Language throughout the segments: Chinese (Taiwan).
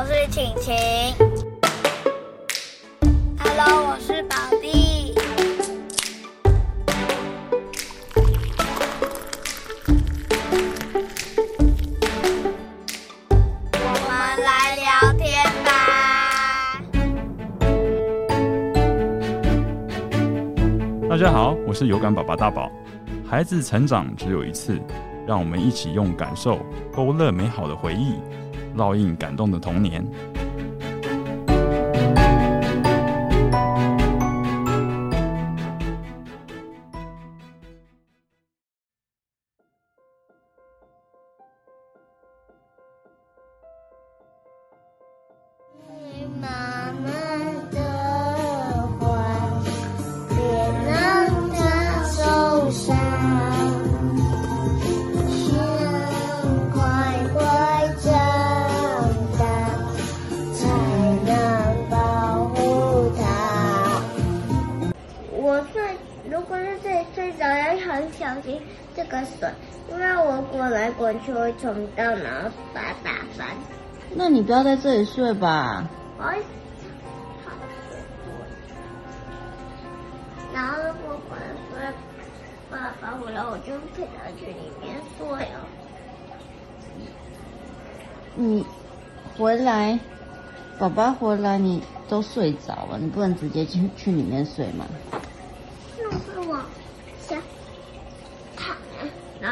我是晴晴，Hello，我是寶弟，我們來聊天吧。大家好，我是有感把拔大寶。孩子成長只有一次，讓我們一起用感受勾勒美好的回憶。烙印感動的童年。我就會重到，哪兒把打翻。那你不要在這裡睡吧。我，然後我晚上爸爸回來，我就陪他去裡面睡呀。你回來，爸爸回來，你都睡着了，你不能直接去去裡面睡嗎？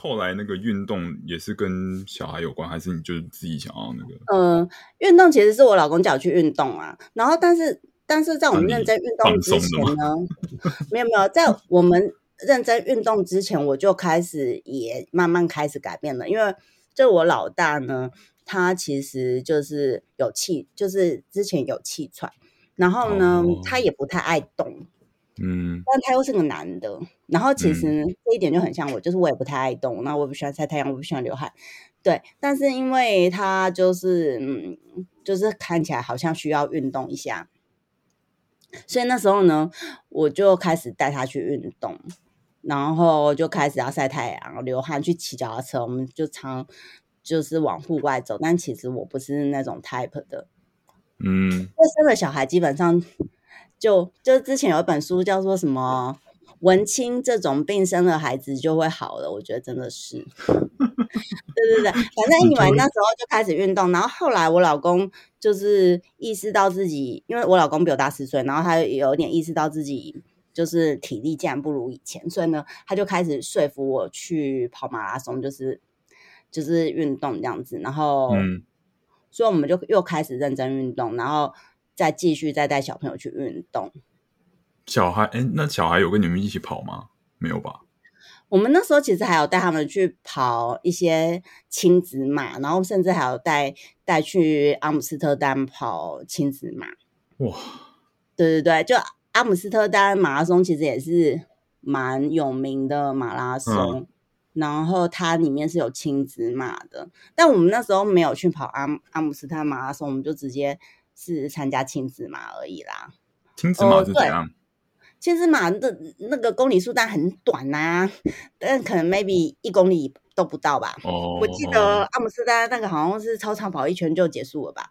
後來那個運動也是跟小孩有關，還是你就自己想要那個？嗯、呃，運動其實是我老公叫我去運動啊，然後但是但是在我們認真運動之前呢， 沒有沒有，在我們認真運動之前，我就開始也慢慢開始改變了，因為就我老大呢，他其實就是有氣，就是之前有氣喘，然後呢，oh. 他也不太愛動。嗯，但他又是個男的，然後其實、嗯、這一點就很像我，就是我也不太愛動，那我不喜歡曬太陽，我不喜歡流汗，對。但是因為他就是、嗯，就是看起來好像需要運動一下，所以那時候呢，我就開始帶他去運動，然後就開始要曬太陽、流汗，去騎腳踏車，我們就常就是往戶外走。但其實我不是那種 type 的，嗯，因為生了小孩，基本上。就就之前有一本書叫做什麼文青這種病，生的孩子就會好了，我覺得真的是， 對對對，反正因為那時候就開始運動，然後後來我老公就是意識到自己，因為我老公比我大四歲，然後他有一點意識到自己就是體力竟然不如以前，所以呢，他就開始說服我去跑馬拉松，就是就是運動這樣子，然後，嗯、所以我們就又開始認真運動，然後。再繼續再帶小朋友去運動，小孩誒，那小孩有跟你們一起跑嗎？沒有吧。我們那時候其實還有帶他們去跑一些親子馬，然後甚至還有帶帶去阿姆斯特丹跑親子馬。哇，對對對，就阿姆斯特丹馬拉松其實也是蠻有名的馬拉松，嗯，然後它裡面是有親子馬的，但我們那時候沒有去跑阿阿姆斯特丹馬拉松，我們就直接。是參加親子馬而已啦。親子馬親子、哦、馬的那個公里數但很短吶、啊，但可能 maybe 一公里都不到吧。Oh. 我記得阿姆斯特丹那個好像是操場跑一圈就結束了吧。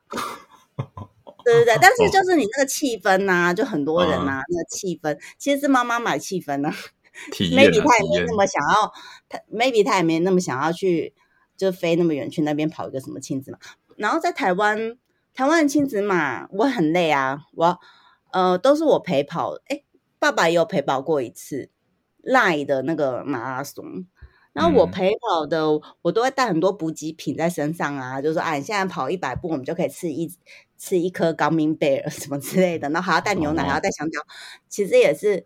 Oh. 對對對，但是就是你那個氣氛吶、啊，oh. 就很多人吶、啊，嗯、那個氣氛其實是媽媽買氣氛呢、啊。啊、 maybe 他也沒那麼想要驗，Maybe 他也沒那麼想要去，就飛那麼遠去那邊跑一個什麼親子馬。然後在台灣。台灣親子馬，我很累啊！我呃都是我陪跑，誒、欸、爸爸也有陪跑過一次 LINE 的那個馬拉松。然後我陪跑的，嗯、我都會帶很多補給品在身上啊，就說哎，啊、現在跑一百步，我們就可以吃一吃一顆高明貝兒什麼之類的。然後還要帶牛奶，啊、還要帶香蕉，其實也是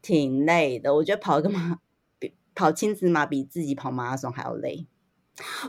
挺累的。我覺得跑一個馬，跑親子馬比自己跑馬拉松還要累。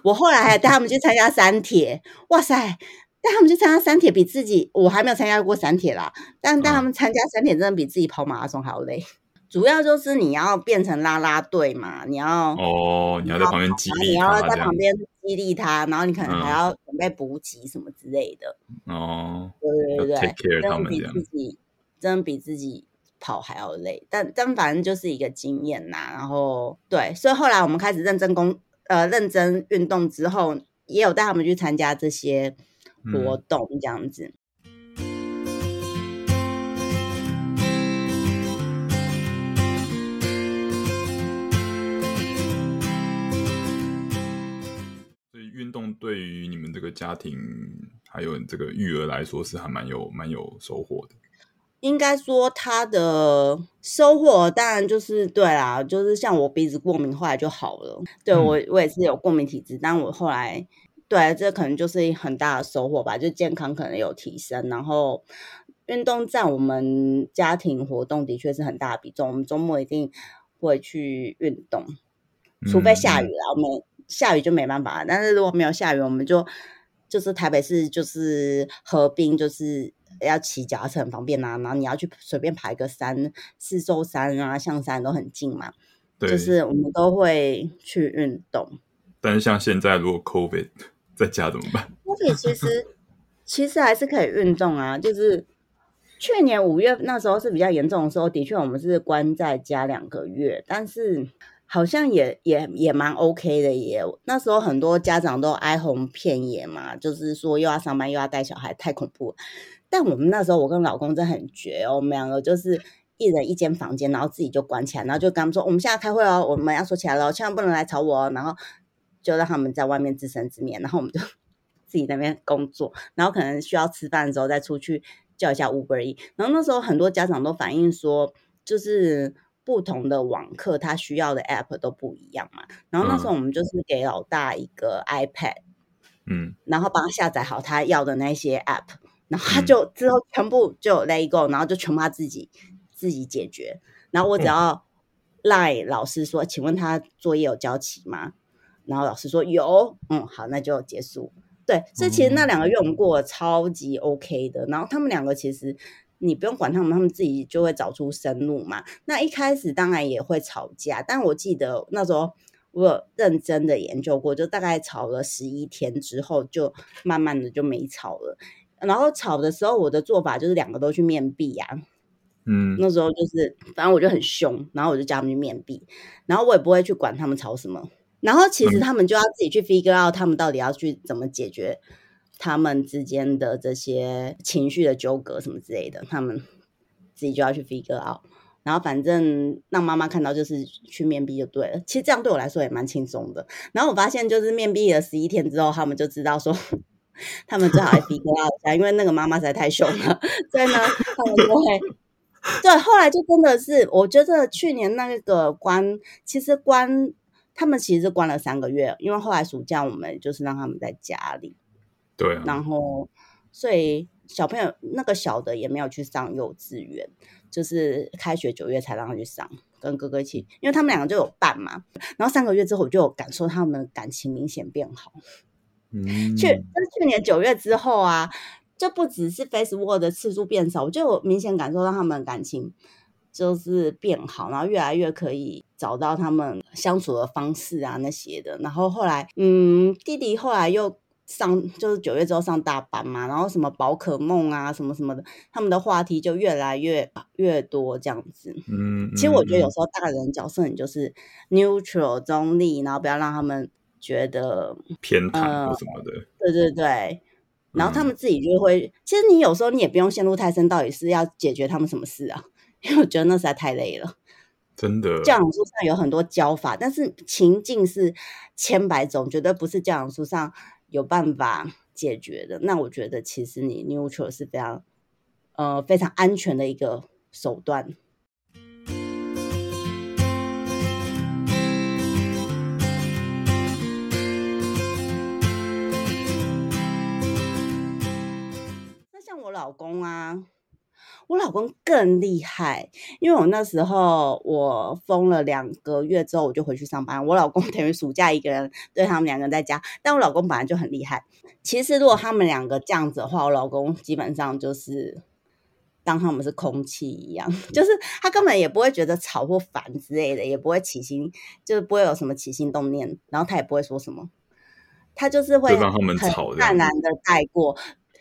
我後來還帶他們去參加三鐵，哇塞！帶他們去參加三鐵比自己，我還沒有參加過三鐵啦。但帶他們參加三鐵真的比自己跑馬拉松還要累，主要就是你要變成拉拉隊嘛，你要哦，你要在旁邊激勵，你要在旁邊激勵他，樣然後你可能還要準備補給什麼之類的。哦、嗯，對，對對對，take care 他們真的比自己樣真的比自己跑還要累。但但反正就是一個經驗吶。然後對，所以後來我們開始認真工呃認真運動之後，也有帶他們去參加這些。活動這樣子，嗯，所以運動對於你們這個家庭還有這個育兒來說是還蠻有蠻有收穫的。應該說，他的收穫當然就是對啦，就是像我鼻子過敏後來就好了。對，我，我也是有過敏體質，但我後來。對、啊，這可能就是很大的收穫吧，就健康可能有提升，然後運動佔我們家庭活動的確是很大的比重。我們周末一定會去運動，除非下雨了、啊，我們、嗯、下雨就沒辦法。但是如果沒有下雨，我們就就是台北市就是河濱，就是要騎腳踏車是很方便啊。然後你要去隨便爬個山，四獸山啊、象山都很近嘛，對就是我們都會去運動。但是像現在如果 COVID。在家怎麼辦？可以，其實其實還是可以運動啊。 就是去年五月那時候是比較嚴重的時候，的確我們是關在家兩個月，但是好像也也也蠻 OK 的耶。也那時候很多家長都哀鴻遍野嘛，就是說又要上班又要帶小孩，太恐怖。但我們那時候我跟老公真的很絕哦、喔，我們兩個就是一人一間房間，然後自己就關起來，然後就跟他們說：“我們現在開會哦、喔，我們要說起來了，千萬不能來吵我哦、喔。”然後。就讓他們在外面自生自滅，然後我們就自己那邊工作，然後可能需要吃飯的時候再出去叫一下 Uber E。然後那時候很多家長都反映說，就是不同的網課他需要的 App 都不一樣嘛。然後那時候我們就是給老大一個 iPad，嗯，然後幫他下載好他要的那些 App，然後他就之後全部就 let go，然後就全部他自己自己解決。然後我只要 LINE 老師說，請問他作業有交齊嗎？然後老師說有，嗯，好，那就結束。對，所以其實那兩個用過超級 OK 的。嗯、然後他們兩個其實你不用管他們，他們自己就會找出生路嘛。那一開始當然也會吵架，但我記得那時候我有認真的研究過，就大概吵了十一天之後，就慢慢的就沒吵了。然後吵的時候，我的做法就是兩個都去面壁呀、啊，嗯，那時候就是，反正我就很凶，然後我就叫他們去面壁，然後我也不會去管他們吵什麼。然後其實他們就要自己去 figure out，他們到底要去怎麼解決他們之間的這些情緒的糾葛什麼之類的，他們自己就要去 figure out。然後反正讓媽媽看到就是去面壁就對了。其實這樣對我來說也蠻輕鬆的。然後我發現就是面壁了十一天之後，他們就知道說，他們最好要 figure out 一下，因為那個媽媽實在太凶了。 所以呢，他們就會，對，後來就真的是，我覺得去年那個關，其實關。他們其實是關了三個月，因為後來暑假我們就是讓他們在家裡。對啊。然後，所以小朋友那個小的也沒有去上幼稚園，就是開學九月才讓他去上，跟哥哥一起，因為他們兩個就有伴嘛。然後三個月之後，我就有感受他們的感情明顯變好。嗯。去但是去年九月之後啊，就不只是 Facebook 的次數變少，我就有明顯感受到他們的感情。就是變好，然後越來越可以找到他們相處的方式啊那些的。然後後來，嗯，弟弟後來又上，就是九月之後上大班嘛。然後什麼寶可夢啊，什麼什麼的，他們的話題就越來越越多這樣子。嗯，嗯嗯其實我覺得有時候大人角色你就是 neutral 中立，然後不要讓他們覺得偏袒或什麼的、呃。對對對，然後他們自己就會，嗯、其實你有時候你也不用陷入太深，到底是要解決他們什麼事啊？因為我覺得那實在太累了，真的。教養書上有很多教法，但是情境是千百種，絕對不是教養書上有辦法解決的。那我覺得，其實你 neutral 是非常，呃，非常安全的一個手段。那像我老公啊。我老公更厲害，因為我那時候我瘋了兩個月之後，我就回去上班。我老公等於暑假一個人對他們兩個人在家，但我老公本來就很厲害。其實如果他們兩個這樣子的話，我老公基本上就是當他們是空氣一樣，嗯、就是他根本也不會覺得吵或煩之類的，也不會起心，就是不會有什麼起心動念，然後他也不會說什麼，他就是會就讓他們很淡然的帶過。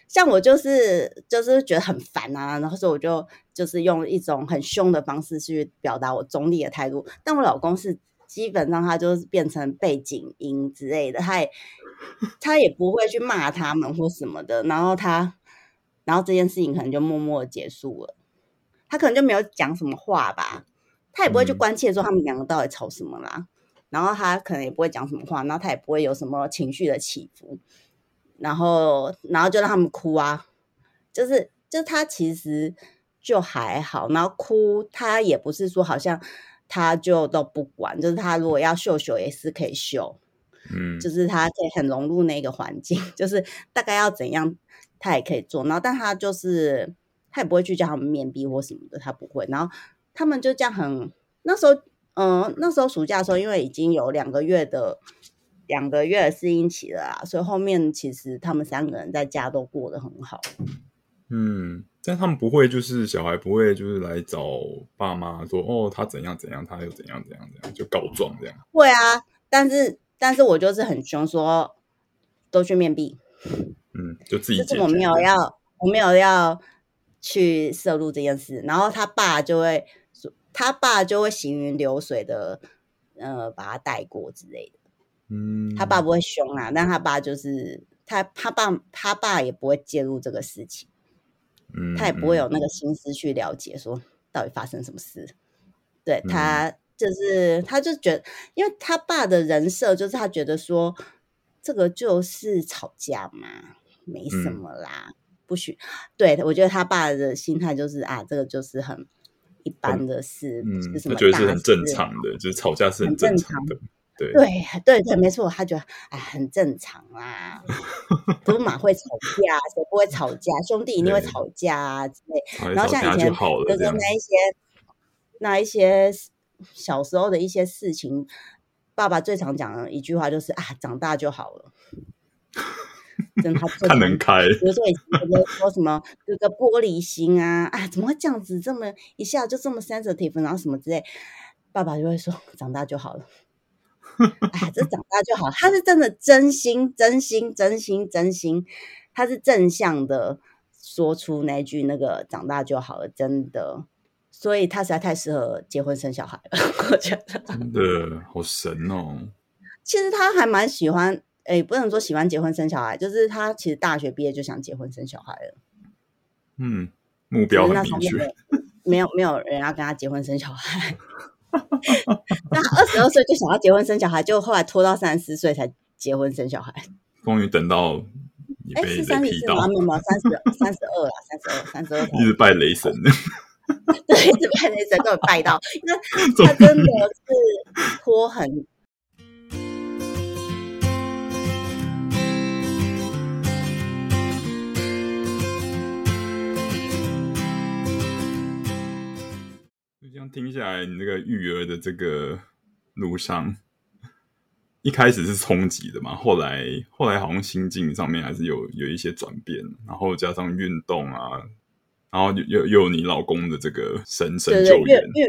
像我就是就是覺得很煩啊，然後所以我就就是用一種很凶的方式去表達我中立的態度。但我老公是基本上他就是變成背景音之類的，他也他也不會去罵他們或什麼的。然後他，然後這件事情可能就默默的結束了，他可能就沒有講什麼話吧，他也不會去關切說他們兩個到底吵什麼啦。然後他可能也不會講什麼話，然後他也不會有什麼情緒的起伏。然後，然後就讓他們哭啊，就是，就他其實就還好。然後哭，他也不是說好像他就都不管，就是他如果要秀秀也是可以秀，嗯，就是他在很融入那個環境，就是大概要怎樣他也可以做。然後，但他就是他也不會去叫他們面壁或什麼的，他不會。然後他們就這樣很那時候，嗯、呃，那時候暑假的時候，因為已經有兩個月的。兩個月適應期了啦，啊，所以後面其實他們三個人在家都過得很好，嗯。嗯，但他們不會就是小孩不會就是來找爸媽說哦他怎樣怎樣，他又怎樣怎樣，怎樣就告狀這樣。會啊，但是但是我就是很凶，說，說都去面壁。嗯，就自己。這次我沒有要，嗯、我沒有要去涉入這件事，然後他爸就會，他爸就會行雲流水的，呃，把他帶過之類的。嗯，他爸不會凶啊，但他爸就是他，他爸他爸也不會介入這個事情，嗯，嗯，他也不會有那個心思去了解說到底發生什麼事。嗯、對他就是，他就覺得，因為他爸的人設就是，他覺得說這個就是吵架嘛，沒什麼啦，嗯、不許。對我覺得他爸的心態就是啊，這個就是很一般的事，嗯、就是什麼大事，我、嗯、覺得是很正常的，就是吵架是很正常的。對對，對對，沒錯，他覺得哎，很正常啦、啊。 都嘛會吵架，誰不會吵架？兄弟一定會吵架之、啊、類。對對然後像以前哥哥那一些，那一些小時候的一些事情，爸爸最常講的一句話就是啊，長大就好了。真的， 他他能開。比如說以前，跟他說什麼這、就是、個玻璃心啊，啊，怎麼會這樣子？這麼一下就這麼 sensitive，然後什麼之類，爸爸就會說，長大就好了。哎，這長大就好。他是真的真心、真心、真心、真心，真心他是正向的說出那一句那個“長大就好了”。真的，所以他實在太適合結婚生小孩了。我覺得真的好神哦！其實他還蠻喜歡，哎、欸，不能說喜歡結婚生小孩，就是他其實大學畢業就想結婚生小孩了。嗯，目標很明確。沒有，沒有，沒有人要跟他結婚生小孩。 那二十二歲就想要結婚生小孩，就後來拖到三十四歲才結婚生小孩。終於等到你被雷劈到，哎、欸，是三十四嗎？沒有，三十三十二啦，三十二，三十二，一直拜雷神呢。 對，一直拜雷神，都有拜到， 因為他真的是拖很。這樣，聽下來，你那個育兒的這個路上，一開始是衝擊的嘛，後來後來好像心境上面還是有有一些轉變，然後加上運動啊，然後又又，又有你老公的這個神神救援，育育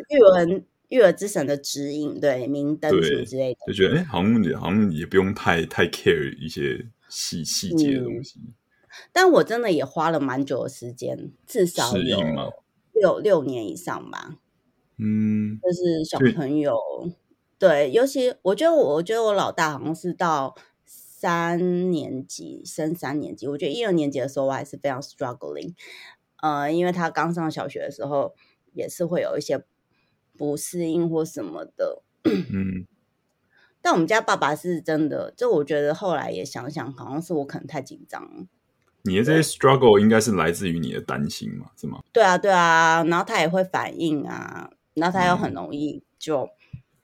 育育兒之神的指引，對，明燈之類的，對，就覺得哎、欸，好像好像也不用太太 care 一些細細節的東西，嗯，但我真的也花了蠻久的時間，至少有六六嗎年以上吧。嗯，就是小朋友，就，對，尤其我覺得我，我覺得我老大好像是到三年級升三年級，我覺得一二年級的時候我還是非常 struggling，呃，因為他剛上小學的時候也是會有一些不適應或什麼的。嗯，但我們家爸爸是真的，就我覺得後來也想想，好像是我可能太緊張。你的這些 struggle 應該是來自於你的擔心嘛？是嗎？對啊，對啊，然後他也會反應啊。然後他又很容易就、嗯、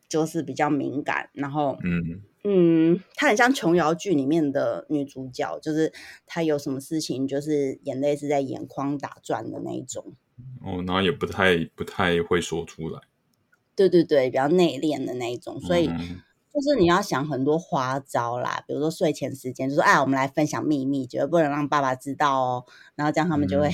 就，就是比較敏感，然後嗯嗯，他很像瓊瑤劇裡面的女主角，就是他有什麼事情就是眼淚是在眼眶打轉的那一種。哦，然後也不太不太會說出來，對對對，比較內斂的那一種。所以、嗯、就是你要想很多花招啦，嗯、比如說睡前時間，就是、說哎，我們來分享秘密，絕對不能讓爸爸知道哦，然後這樣他們就會。嗯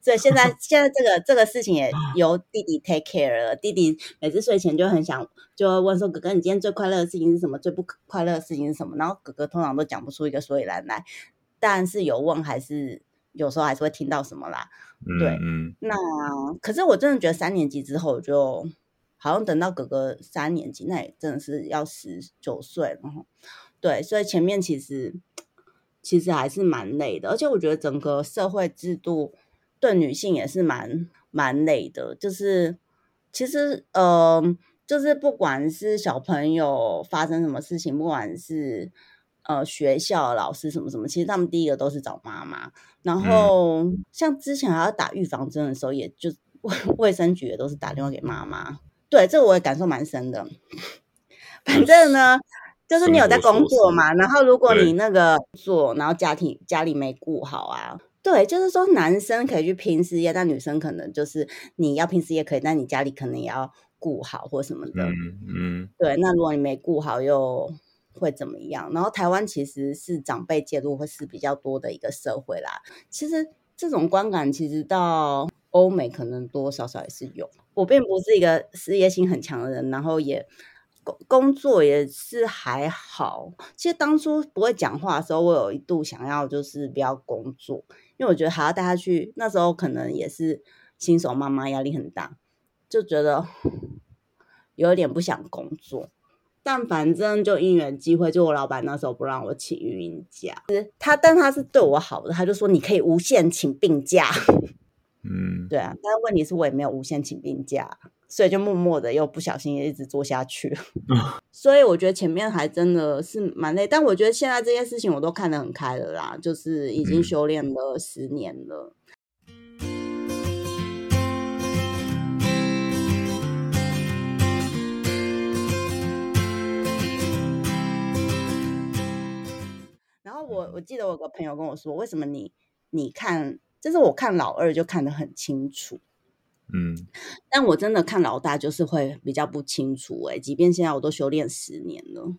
所以現在，現在這個這個事情也由弟弟 take care 了。弟弟每次睡前就很想，就問說：“哥哥，你今天最快樂的事情是什麼？最不快樂的事情是什麼？”然後哥哥通常都講不出一個所以然來、來，但是有問還是有時候還是會聽到什麼啦。對，嗯嗯，那可是我真的覺得三年級之後就，就好像等到哥哥三年級，那也真的是要十九歲。然後對，所以前面其實其實還是蠻累的，而且我覺得整個社會制度。對女性也是蠻蠻累的，就是其實呃，就是不管是小朋友發生什麼事情，不管是呃學校老師什麼什麼，其實他們第一個都是找媽媽。然後、嗯、像之前還要打預防針的時候，也就衛生局也都是打電話給媽媽。對，這我也感受蠻深的。反正呢，就是你有在工作嘛，然後如果你那個做，對然後家庭家裡沒顧好啊。對，就是說男生可以去拼事業，但女生可能就是你要拼事業可以，但你家裡可能也要顧好或什麼的。嗯，嗯，對，那如果你沒顧好，又會怎麼樣？然後台灣其實是長輩介入會是比較多的一個社會啦。其實這種觀感，其實到歐美可能多多少少也是有。我並不是一個事業心很強的人，然後也。工作也是還好，其實當初不會講話的時候，我有一度想要就是不要工作，因為我覺得還要帶他去。那時候可能也是新手媽媽壓力很大，就覺得有點不想工作。但反正就因緣際會，就我老闆那時候不讓我請育嬰假，他但他是對我好的，他就說你可以無限請病假。 嗯，對啊，但問題是我也沒有無限請病假，所以就默默的又不小心一直做下去、嗯、所以我覺得前面還真的是蠻累，但我覺得現在這些事情我都看得很開了啦，就是已經修煉了十年了。嗯、然後我我記得我有個朋友跟我說，為什麼你你看？就是我看老二就看得很清楚，嗯，但我真的看老大就是會比較不清楚哎、欸，即便現在我都修煉十年了，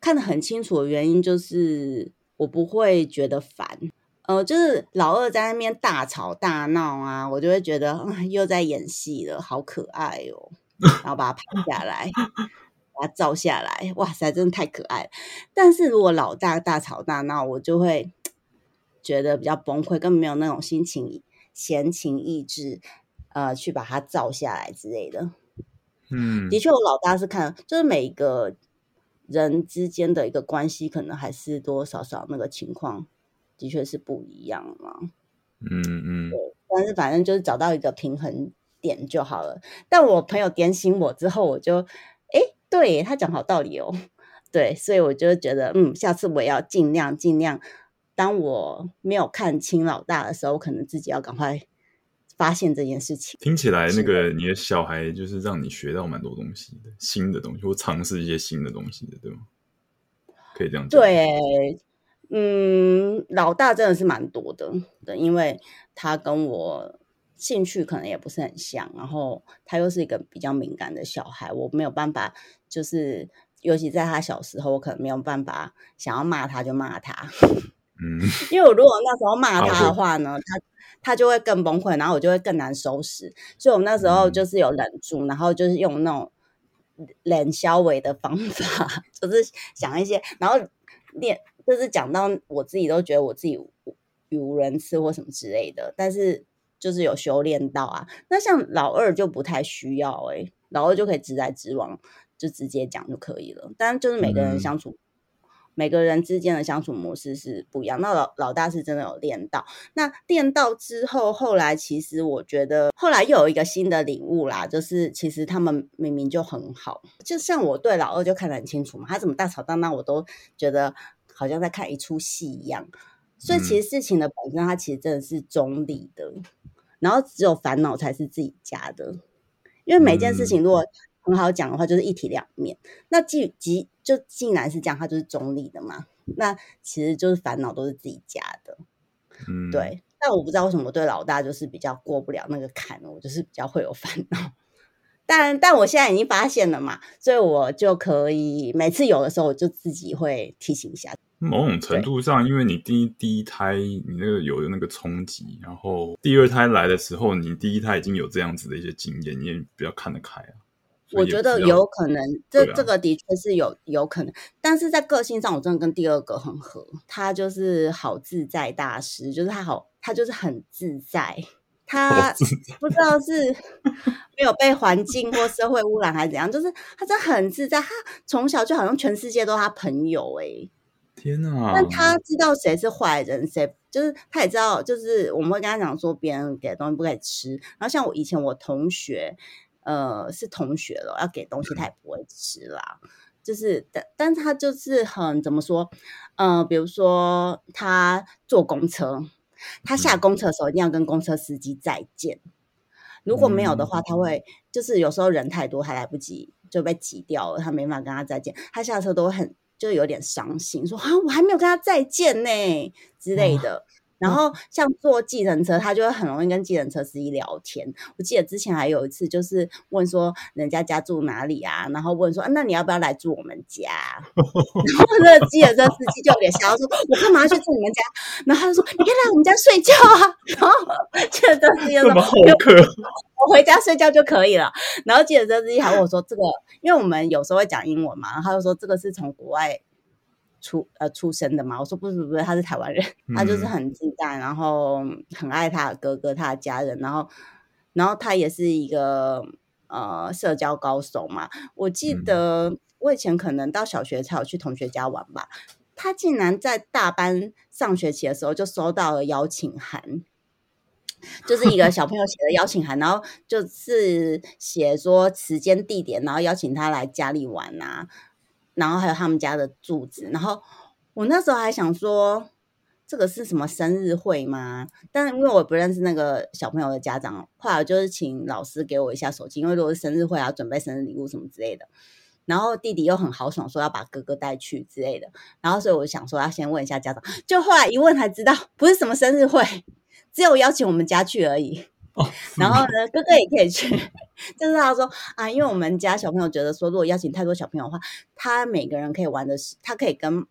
看得很清楚的原因就是我不會覺得煩，呃，就是老二在那邊大吵大鬧啊，我就會覺得又在演戲了，好可愛哦，然後把它拍下來，把它照下來，哇塞，真的太可愛。但是如果老大大吵大鬧，我就會。覺得比較崩潰，跟沒有那種心情、閒情逸致，呃，去把它照下來之類的。嗯，的確，我老大是看，就是每一個人之間的一個關係，可能還是多少少那個情況，的確是不一樣的嘛。嗯嗯。對，但是反正就是找到一個平衡點就好了。但我朋友點醒我之後，我就，哎，對他講好道理哦。對，所以我就覺得，嗯，下次我也要儘量儘量。當我沒有看清老大的時候，我可能自己要趕快發現這件事情。聽起來，那個你的小孩就是讓你學到蠻多東西的，新的東西，或嘗試一些新的東西的，對嗎？可以這樣講。對，嗯，老大真的是蠻多的，對，因為他跟我興趣可能也不是很像，然後他又是一個比較敏感的小孩，我沒有辦法，就是尤其在他小時候，我可能沒有辦法想要罵他就罵他。 嗯，因為我如果那時候罵他的話呢，啊、對他他就會更崩潰，然後我就會更難收拾。所以我那時候就是有忍住，嗯、然後就是用那種冷消為的方法，就是想一些，然後念就是講到我自己都覺得我自己語無倫次或什麼之類的，但是就是有修煉到啊。那像老二就不太需要哎、欸，老二就可以直來直往，就直接講就可以了。但就是每個人相處。嗯嗯每個人之間的相處模式是不一樣。那老老大是真的有練到，那練到之後，後來其實我覺得，後來又有一個新的領悟啦，就是其實他們明明就很好，就像我對老二就看得很清楚嘛，他怎麼大吵大鬧，我都覺得好像在看一出戲一樣。所以其實事情的本身，它其實真的是中立的，然後只有煩惱才是自己加的，因為每件事情如果很好講的話，就是一體兩面，那既既就既然是這樣，它就是中立的嘛。那其實就是煩惱都是自己加的，嗯、對。但我不知道為什麼我對老大就是比較過不了那個坎，我就是比較會有煩惱。但但我現在已經發現了嘛，所以我就可以每次有的時候我就自己會提醒一下。某種程度上，對因為你第一第一胎你那個有的那個衝擊，然後第二胎來的時候，你第一胎已經有這樣子的一些經驗，你也比較看得開啊。我覺得有可能，啊啊、這這個的確是有有可能，但是在個性上，我真的跟第二個很合。他就是好自在大師，就是他好，他就是很自在。他不知道是沒有被環境或社會污染還是怎樣，就是他真的很自在。他從小就好像全世界都是他朋友，欸，哎哪，天啊！那他知道誰是壞人，誰就是他也知道。就是我們會跟他講說，別人給的東西不可以吃。然後像我以前我同學，呃，是同學了，要給東西他也不會吃啦。嗯、就是，但但是他就是很怎麼說，嗯、呃，比如說他坐公車，他下公車的時候一定要跟公車司機再見。如果沒有的話，他會、嗯、就是有時候人太多，還來不及就被擠掉了，他沒辦法跟他再見。他下車都很就有點傷心，說啊，我還沒有跟他再見呢、欸、之類的。啊嗯、然後像坐計程車，他就會很容易跟計程車司機聊天。我記得之前還有一次，就是問說人家家住哪裡啊，然後問說、啊、那你要不要來住我們家？ 然後那個計程車司機就有點想要說：“我幹嘛要去住你們家？” 然後他就說：“你可以來我們家睡覺啊。”然後計程車司機麼又可我回家睡覺就可以了。”然後計程車司機還問我說：“這個因為我們有時候會講英文嘛，他就說這個是從國外。”出呃出生的嘛，我說不是不是，他是台灣人，他就是很自在，然後很愛他的哥哥、他的家人，然後然後他也是一個呃社交高手嘛。我記得我以前可能到小學才有去同學家玩吧，他竟然在大班上學期的時候就收到了邀請函，就是一個小朋友寫的邀請函， 然後就是寫說時間、地點，然後邀請他來家裡玩啊。然後還有他們家的住址，然後我那時候還想說，這個是什麼生日會嗎？但因為我不認識那個小朋友的家長，後來就是請老師給我一下手機，因為如果是生日會啊，準備生日禮物什麼之類的。然後弟弟又很豪爽說要把哥哥帶去之類的，然後所以我想說要先問一下家長，就後來一問才知道不是什麼生日會，只有邀請我們家去而已。哦、然後呢，哥哥也可以去。就是他說啊，因為我們家小朋友覺得說，如果邀請太多小朋友的話，他每個人可以玩的他可以跟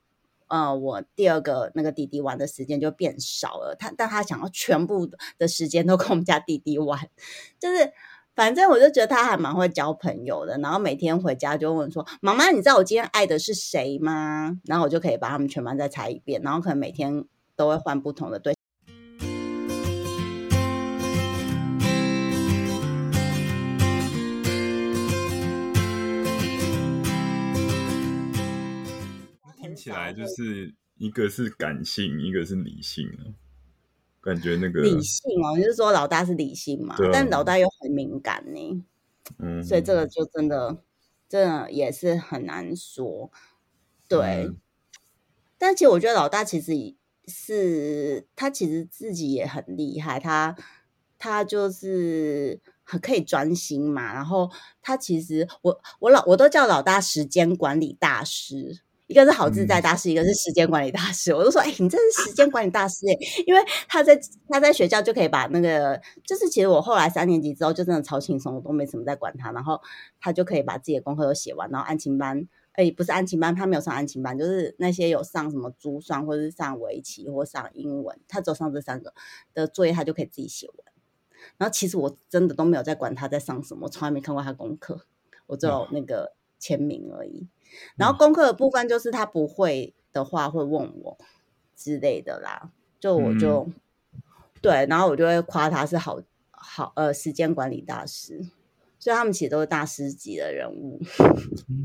呃我第二個那個弟弟玩的時間就變少了。他但他想要全部的時間都跟我們家弟弟玩。就是反正我就覺得他還蠻會交朋友的。然後每天回家就問說：“媽媽，你知道我今天愛的是誰嗎？”然後我就可以把他們全班再猜一遍。然後可能每天都會換不同的對象。起來就是一個是感性，一個是理性。感覺那個理性哦、啊，就是說老大是理性嘛？啊、但老大又很敏感呢，嗯哼，所以這個就真的，真的也是很難說。對，嗯、但其實我覺得老大其實是他其實自己也很厲害，他他就是很可以專心嘛，然後他其實我我老我都叫老大時間管理大師。一個是好自在大師，嗯、一個是時間管理大師。嗯、我就說，哎、欸，你這是時間管理大師哎、欸，啊、因為他在他在學校就可以把那個，就是其實我後來三年級之後就真的超輕鬆，我都沒什麼在管他，然後他就可以把自己的功課都寫完。然後安親班，哎、欸，不是安親班，他沒有上安親班，就是那些有上什麼珠算或者是上圍棋或上英文，他只有上這三個的作業，他就可以自己寫完。然後其實我真的都沒有在管他在上什麼，我從來沒看過他功課。我只有那個。嗯簽名而已，然後功課的部分就是他不會的話會問我之類的啦，就我就、嗯、對，然後我就會誇他是好好呃時間管理大師，所以他們其實都是大師級的人物。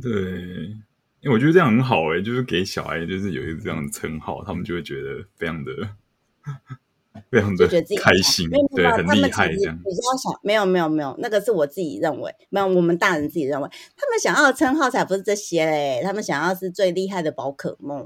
對，因、欸、為我覺得這樣很好誒、欸，就是給小孩就是有一個這樣的稱號，他們就會覺得非常的。 就覺得自己開心，對，很厲害這樣，其實比較小，沒有沒有沒有，那個是我自己認為，沒有我們大人自己認為，他們想要的稱號才不是這些嘞，他們想要是最厲害的寶可夢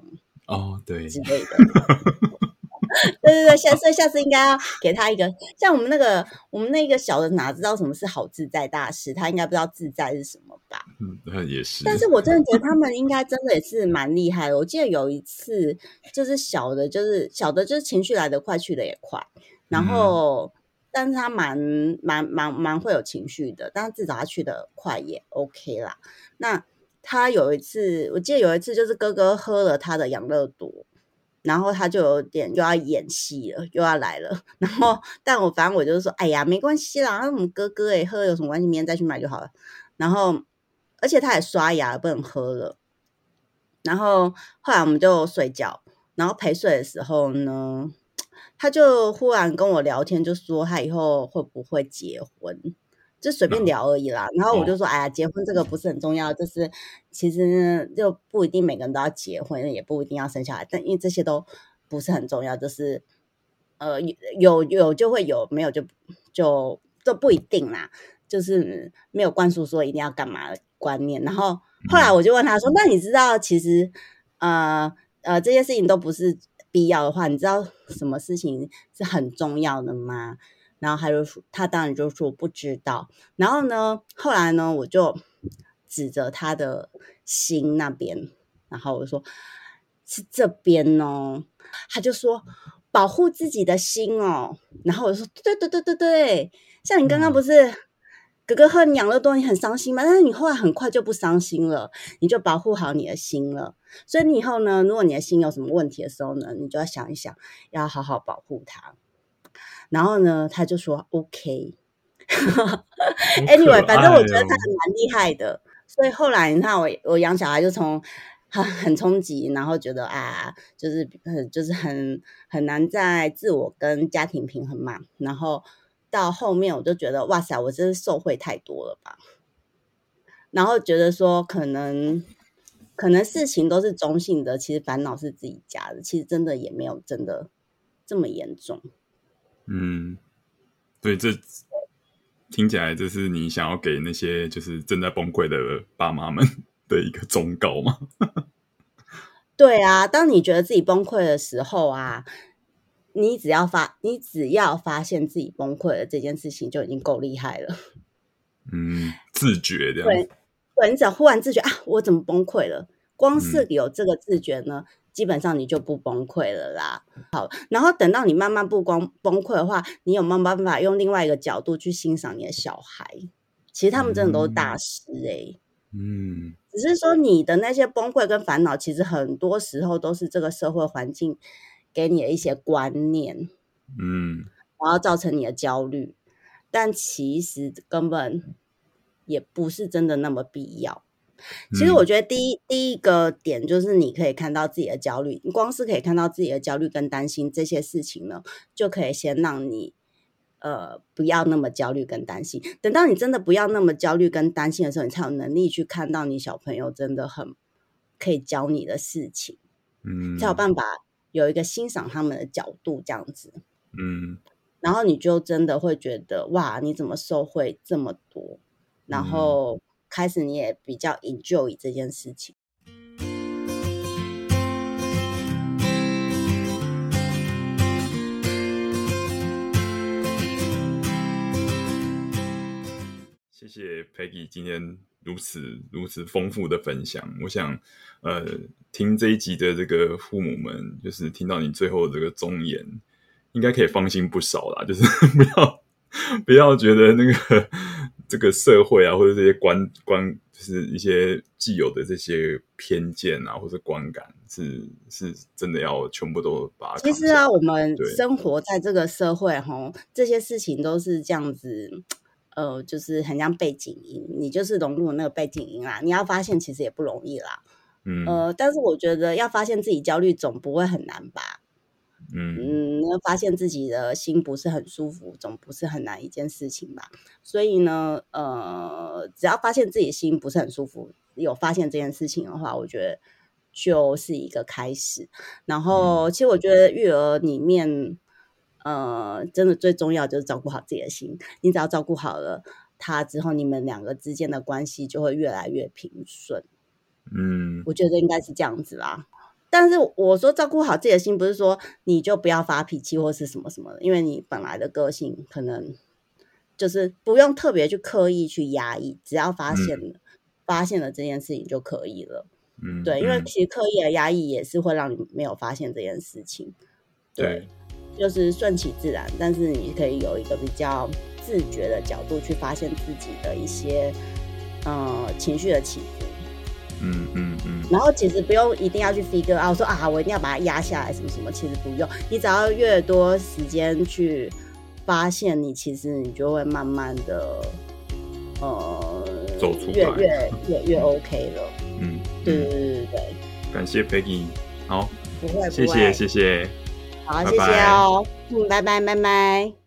哦，oh, 對，之類的。 對對對，下次下次應該要給他一個像我們那個我們那個小的哪知道什麼是好自在大師，他應該不知道自在是什麼吧？嗯，那也是。但是我真的覺得他們應該真的也是蠻厲害的。 我記得有一次，就是小的，就是小的，就是情緒來的快去的也快。然後，嗯、但是他蠻蠻蠻蠻會有情緒的，但是至少他去的快也 OK 啦。那他有一次，我記得有一次就是哥哥喝了他的養樂多。然後他就有點又要演戲了，又要來了。然後，但我反正我就說，哎呀，沒關係啦，那我們哥哥哎，喝有什麼關係？明天再去買就好了。然後，而且他也刷牙不能喝了。然後後來我們就睡覺，然後陪睡的時候呢，他就忽然跟我聊天，就說他以後會不會結婚？就隨便聊而已啦，然後我就說，哎呀，結婚這個不是很重要，就是其實就不一定每個人都要結婚，也不一定要生小孩，但因為這些都不是很重要，就是呃有有就會有，沒有就就這不一定啦，就是沒有灌輸說一定要幹嘛的觀念。然後後來我就問他說，那、嗯、你知道其實呃呃這些事情都不是必要的話，你知道什麼事情是很重要的嗎？然後他就說，他當然就說不知道。然後呢，後來呢，我就指着他的心那邊，然後我說是這邊哦。他就說保護自己的心哦。然後我就說對對對對對，像你剛剛不是哥哥喝你養樂多你很傷心嗎？但是你後來很快就不傷心了，你就保護好你的心了。所以你以後呢，如果你的心有什麼問題的時候呢，你就要想一想，要好好保護它。然後呢，他就說 OK。 anyway，反正我覺得他蠻厲害的。哦、所以後來你看我，我我養小孩就從很很衝擊，然後覺得啊，就是很就是很很難在自我跟家庭平衡嘛。然後到後面我就覺得，哇塞，我真是受惠太多了吧。然後覺得說，可能可能事情都是中性的，其實煩惱是自己加的。其實真的也沒有真的這麼嚴重。嗯，對，這，這聽起來這是你想要給那些就是正在崩潰的爸媽們的一個忠告嗎？ 對啊，當你覺得自己崩潰的時候啊，你只要發，你只要發現自己崩潰了這件事情就已經夠厲害了。嗯，自覺的，對，對你只要忽然自覺啊，我怎麼崩潰了？光是有這個自覺呢？嗯基本上你就不崩潰了啦。好，然後等到你慢慢不光崩潰的話，你有沒有辦法用另外一個角度去欣賞你的小孩？其實他們真的都是大師欸。嗯。只是說你的那些崩潰跟煩惱，其實很多時候都是這個社會環境給你的一些觀念，嗯，然後造成你的焦慮，但其實根本也不是真的那麼必要。其實我覺得第一、嗯、第一個點就是你可以看到自己的焦慮，你光是可以看到自己的焦慮跟擔心這些事情呢，就可以先讓你呃不要那麼焦慮跟擔心。等到你真的不要那麼焦慮跟擔心的時候，你才有能力去看到你小朋友真的很可以教你的事情，嗯，才有辦法有一個欣賞他們的角度這樣子，嗯，然後你就真的會覺得哇，你怎麼受惠這麼多，然後。嗯。開始你也比較 enjoy 這件事情。謝謝 Peggy 今天如此如此豐富的分享，我想，呃，聽這一集的這個父母們，就是聽到你最後的這個忠言，應該可以放心不少啦，就是不要不要覺得那個。這個社會啊，或者這些觀觀，就是一些既有的這些偏見啊，或者觀感，是是真的要全部都拔掉。其實啊，對我們生活在這個社會，哈，這些事情都是這樣子，呃，就是很像背景音，你就是融入那個背景音啦。你要發現其實也不容易啦，嗯呃，但是我覺得要發現自己焦慮總不會很難吧。嗯，要發現自己的心不是很舒服，總不是很難一件事情吧。所以呢，呃，只要發現自己心不是很舒服，有發現這件事情的話，我覺得就是一個開始。然後，其實我覺得育兒裡面，呃，真的最重要就是照顧好自己的心。你只要照顧好了他之後，你們兩個之間的關係就會越來越平順。嗯，我覺得應該是這樣子啦。但是我說照顧好自己的心，不是說你就不要發脾氣或是什麼什麼的，因為你本來的個性可能就是不用特別去刻意去壓抑，只要發現了、嗯、發現了這件事情就可以了。嗯、對，因為其實刻意的壓抑也是會讓你沒有發現這件事情。嗯、對，對就是順其自然，但是你可以有一個比較自覺的角度去發現自己的一些呃情緒的起。嗯嗯嗯，嗯嗯然後其實不用一定要去 figure out 啊，我說啊，我一定要把它壓下來什麼什麼，其實不用，你只要越多時間去發現你，其實你就會慢慢的，呃，走出來越越越，嗯、越 OK 了。嗯，對，嗯，對、嗯、對，感謝 Peggy，好，不，不會不會，謝謝謝謝，好，拜拜謝謝哦，嗯，拜拜拜拜。